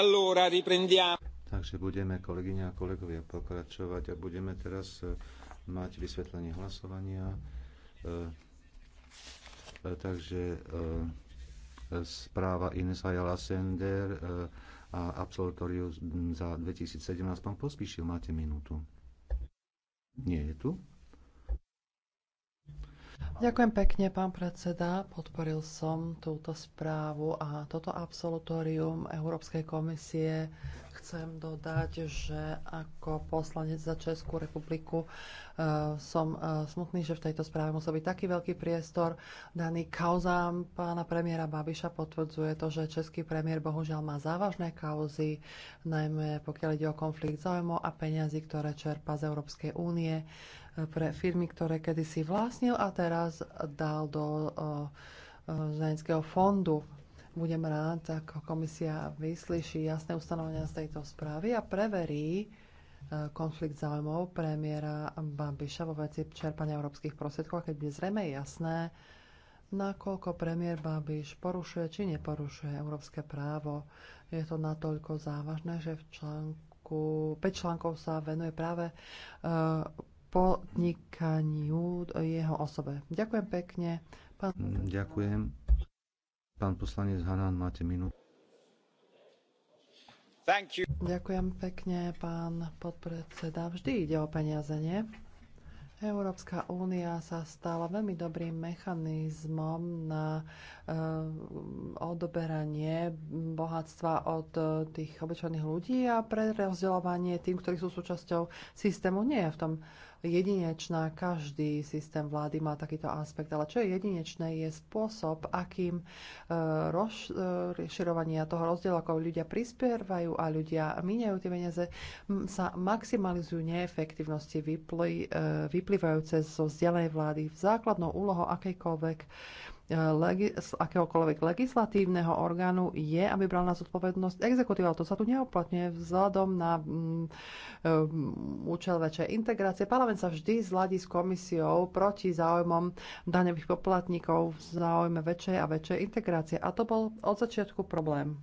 Allora riprendiamo. Takže budeme, kolegyňa a kolegovia, pokračovať a budeme teraz e, mať vysvetlenie hlasovania. E, e, takže e, e správa Ines Ayala Sender e, a absolutoriu za 2017. Pán Pospíšil, máte minútu. Nie je tu? Ďakujem pekne, pán predseda. Podporil som túto správu a toto absolutórium Európskej komisie chcem dodať, že ako poslanec za Českú republiku e, som e, smutný, že v tejto správe musel byť taký veľký priestor daný kauzám pána premiéra Babiša. Potvrdzuje to, že český premiér bohužiaľ má závažné kauzy, najmä pokiaľ ide o konflikt záujmov a peňazí, ktoré čerpa z Európskej únie pre firmy, ktoré kedysi vlastnil a teraz dal do Zajedského fondu. Budem rád, ako komisia vyslyší jasné ustanovenia z tejto správy a preverí e, konflikt záujmov premiéra Babiša vo veci čerpania európskych prostriedkov, a keď bude zrejme jasné, nakoľko premiér Babiš porušuje či neporušuje európske právo. Je to natoľko závažné, že v článku 5 článkov sa venuje práve uh, podnikaniu jeho osobe. Ďakujem pekne. Pán... Mm, ďakujem. Pán poslanec Hanan, máte minútu. Ďakujem pekne, pán podpredseda. Vždy ide o peniaze, nie? Európska únia sa stala veľmi dobrým mechanizmom na e, odoberanie bohatstva od e, tých obyčajných ľudí a rozdeľovanie tým, ktorí sú súčasťou systému. Nie je v tom jedinečná. Každý systém vlády má takýto aspekt, ale čo je jedinečné, je spôsob, akým e, e, rozširovania toho rozdielu, ako ľudia prispievajú a ľudia míňajú tie peniaze, sa maximalizujú neefektivnosti e, vyplývajúce zo vzdialenej vlády. Základnou úlohou akejkoľvek legis- akéhokoľvek legislatívneho orgánu je, aby bral na zodpovednosť exekutíva. To sa tu neoplatňuje vzhľadom na um, um, účel väčšej integrácie. Parlament sa vždy zladí s komisiou proti záujmom daňových poplatníkov v záujme väčšej a väčšej integrácie. A to bol od začiatku problém.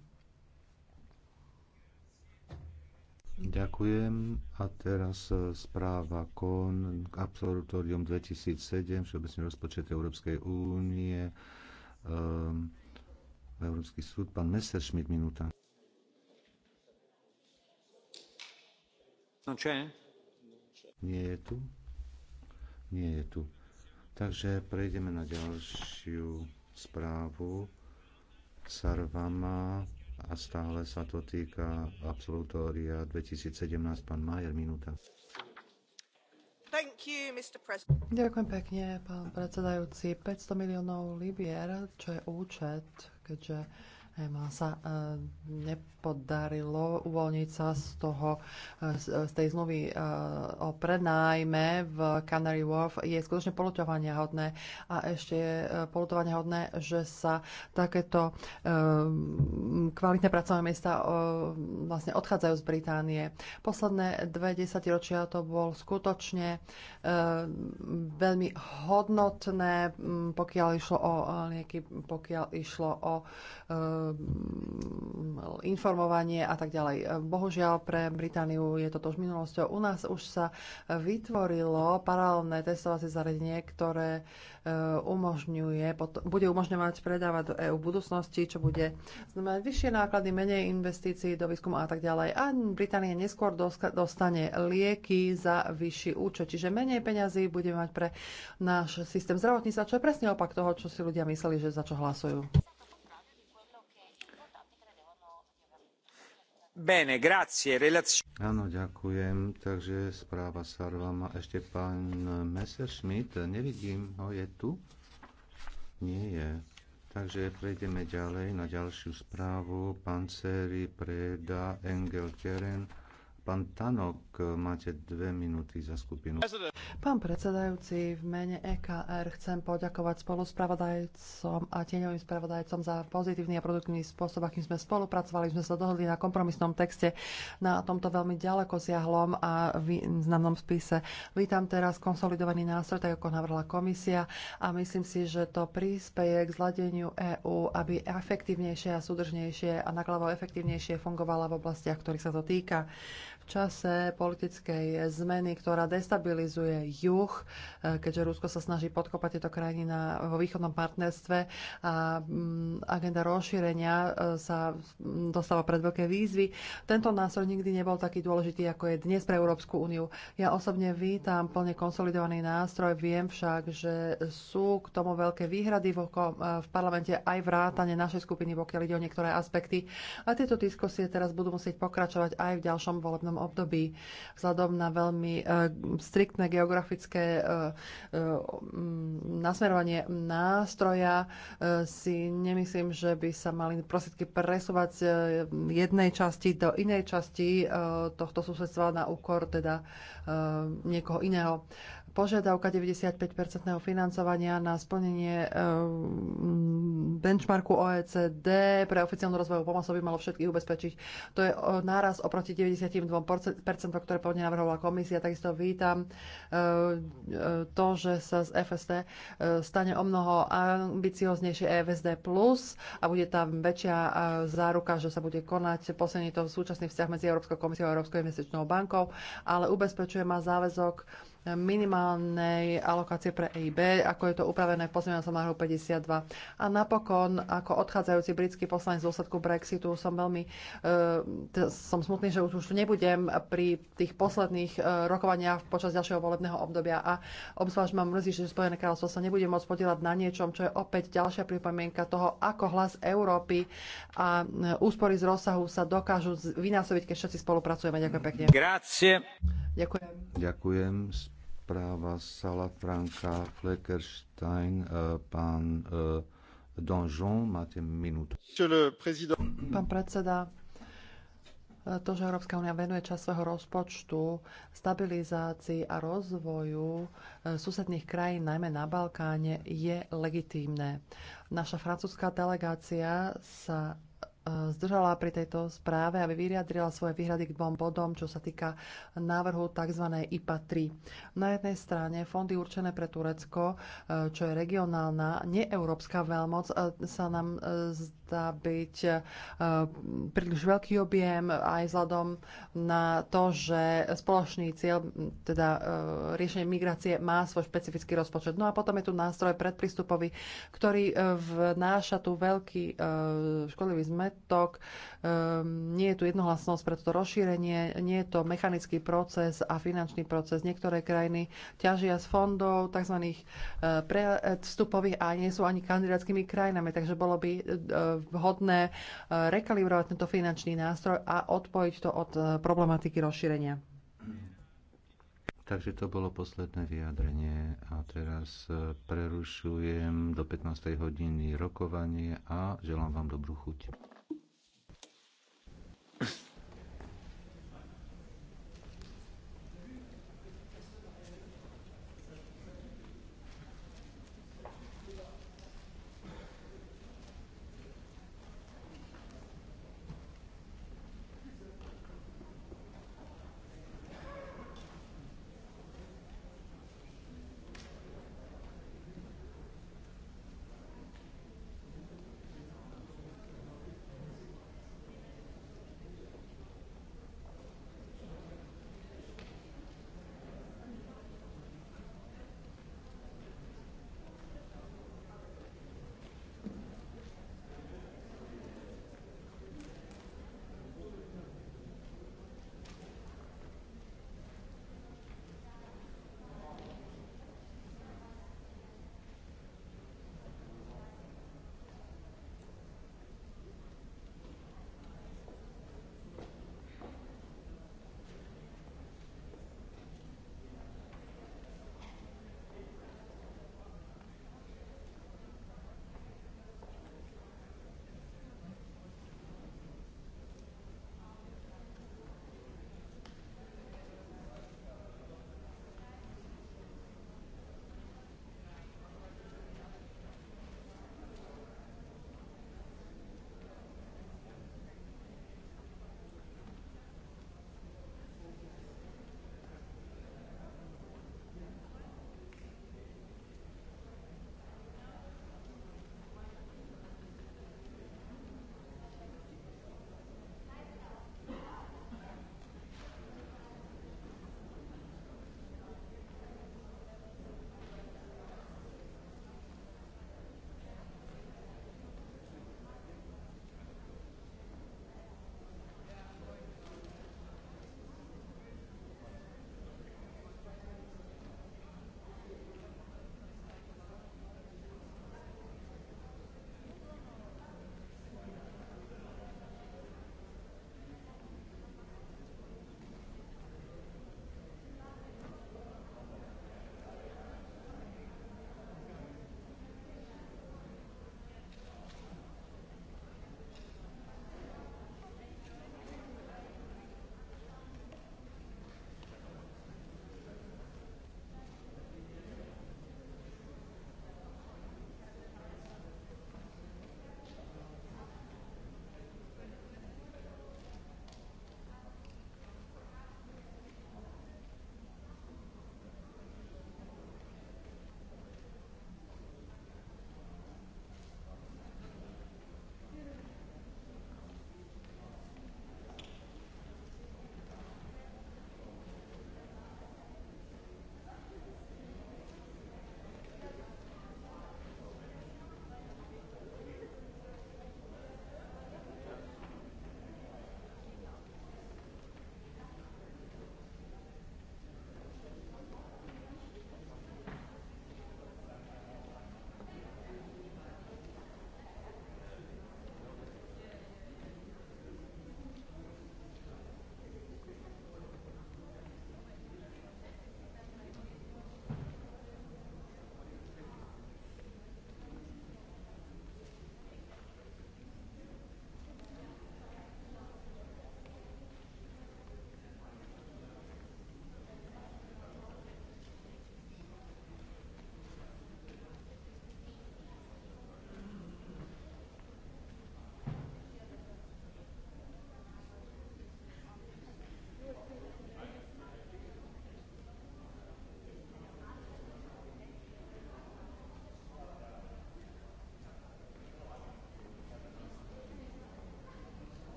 Ďakujem. A teraz e, správa KON, absolutorium 2007, Všeobecný rozpočet Európskej únie, um, Európsky súd, pán Messerschmidt, minúta. No čo? Nie je tu? Nie je tu. Takže prejdeme na ďalšiu správu. Sarvama, a stále sa to týka absolutória 2017. Pán Majer, minúta. You, Ďakujem pekne, pán predsedajúci. 500 miliónov libier, čo je účet, keďže EMA sa e, nepodarilo uvoľniť sa z, toho, e, z tej zmluvy e, o prenájme v Canary Wharf je skutočne polutovania hodné a ešte je polutovania hodné, že sa takéto kvalitné pracovné miesta vlastne odchádzajú z Británie. Posledné dve desaťročia to bol skutočne veľmi hodnotné, pokiaľ išlo o nejaký, pokiaľ išlo o Um, informovanie a tak ďalej. Bohužiaľ pre Britániu je toto už minulosťou. U nás už sa vytvorilo paralelné testovacie zariadenie, ktoré uh, umožňuje, bude umožňovať predávať do EÚ budúcnosti, čo bude znamenať vyššie náklady, menej investícií do výskumu a tak ďalej. A Británia neskôr dostane lieky za vyšší účet, čiže menej peňazí budeme mať pre náš systém zdravotníctva, čo je presne opak toho, čo si ľudia mysleli, že za čo hlasujú. Bene, grazie. Áno, ďakujem. Takže správa Sarvama. Ešte pán Messerschmidt, nevidím ho, je tu? Nie je. Takže prejdeme ďalej na ďalšiu správu. Panceri, Preda, Engel, Keren Pán Tanok, máte dve minúty za skupinu. Pán predsedajúci, v mene EKR chcem poďakovať spoluspravodajcom a tieňovým spravodajcom za pozitívny a produktívny spôsob, akým sme spolupracovali. Sme sa dohodli na kompromisnom texte na tomto veľmi ďaleko siahlom a významnom spise. Vítam teraz konsolidovaný nástroj, tak ako navrhla komisia a myslím si, že to príspeje k zladeniu EÚ, aby efektívnejšie a súdržnejšie a naklavo efektívnejšie fungovala v oblastiach, ktorých sa to týka čase politickej zmeny, ktorá destabilizuje juh, e, keďže Rusko sa snaží podkopať tieto krajiny na, vo východnom partnerstve a mm, agenda rozšírenia e, sa mm, dostáva pred veľké výzvy. Tento nástroj nikdy nebol taký dôležitý, ako je dnes pre Európsku úniu. Ja osobne vítam plne konsolidovaný nástroj, viem však, že sú k tomu veľké výhrady v, e, v parlamente aj vrátane našej skupiny, pokiaľ ide o niektoré aspekty. A tieto diskusie teraz budú musieť pokračovať aj v ďalšom volebnom období. Vzhľadom na veľmi e, striktné geografické e, e, nasmerovanie nástroja si nemyslím, že by sa mali prostriedky presúvať z jednej časti do inej časti tohto susedstva na úkor teda niekoho iného požiadavka 95-percentného financovania na splnenie eh, benchmarku OECD pre oficiálnu rozvojovú pomoc by malo všetkých ubezpečiť. To je eh, náraz oproti 92%, ktoré pôvodne navrhovala komisia. Takisto vítam eh, to, že sa z FST stane o mnoho ambicioznejšie EFSD+, a bude tam väčšia záruka, že sa bude konať posilniť to súčasný vzťah medzi Európskou komisiou a Európskou investičnou bankou, ale ubezpečuje ma záväzok minimálnej alokácie pre EIB, ako je to upravené v pozmeňovacom návrhu 52. A napokon, ako odchádzajúci britský poslanec z dôsledku Brexitu, som veľmi uh, som smutný, že už, už tu nebudem pri tých posledných uh, rokovaniach počas ďalšieho volebného obdobia a obzvlášť ma mrzí, že Spojené kráľovstvo sa nebude môcť podielať na niečom, čo je opäť ďalšia pripomienka toho, ako hlas Európy a e, úspory z rozsahu sa dokážu vynásobiť, keď všetci spolupracujeme. Ďakujem pekne. Grazie. Ďakujem. Ďakujem správa Franka Fleckerstein, e, pán e, Donjon, máte minútu. Pán predseda, e, to, že Európska únia venuje čas svojho rozpočtu stabilizácii a rozvoju susedných krajín, najmä na Balkáne, je legitímne. Naša francúzska delegácia sa E, zdržala pri tejto správe, aby vyjadrila svoje výhrady k dvom bodom, čo sa týka návrhu tzv. IPA 3. Na jednej strane fondy určené pre Turecko, e, čo je regionálna, neeurópska veľmoc, e, sa nám zdá byť eh, príliš veľký objem aj vzhľadom na to, že spoločný cieľ, teda eh, riešenie migrácie má svoj špecifický rozpočet. No a potom je tu nástroj predprístupový, ktorý eh, vnáša tu veľký škodlivý zmetok Ehm, nie je tu jednohlasnosť pre toto rozšírenie, nie je to mechanický proces a finančný proces. Niektoré krajiny ťažia z fondov tzv. E, predstupových a nie sú ani kandidátskymi krajinami, takže bolo by e, vhodné e, rekalibrovať tento finančný nástroj a odpojiť to od problematiky rozšírenia. Takže to bolo posledné vyjadrenie a teraz prerušujem do 15. hodiny rokovanie a želám vám dobrú chuť.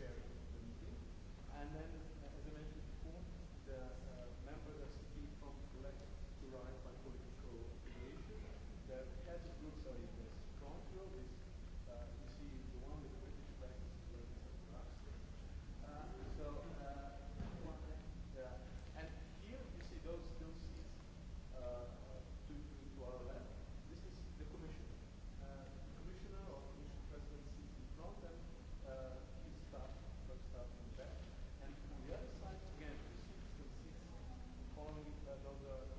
chairing the meeting. And then, uh, as I mentioned before, the uh, members are speaking from left to right by political affiliation. The heads of groups are in the front row no good.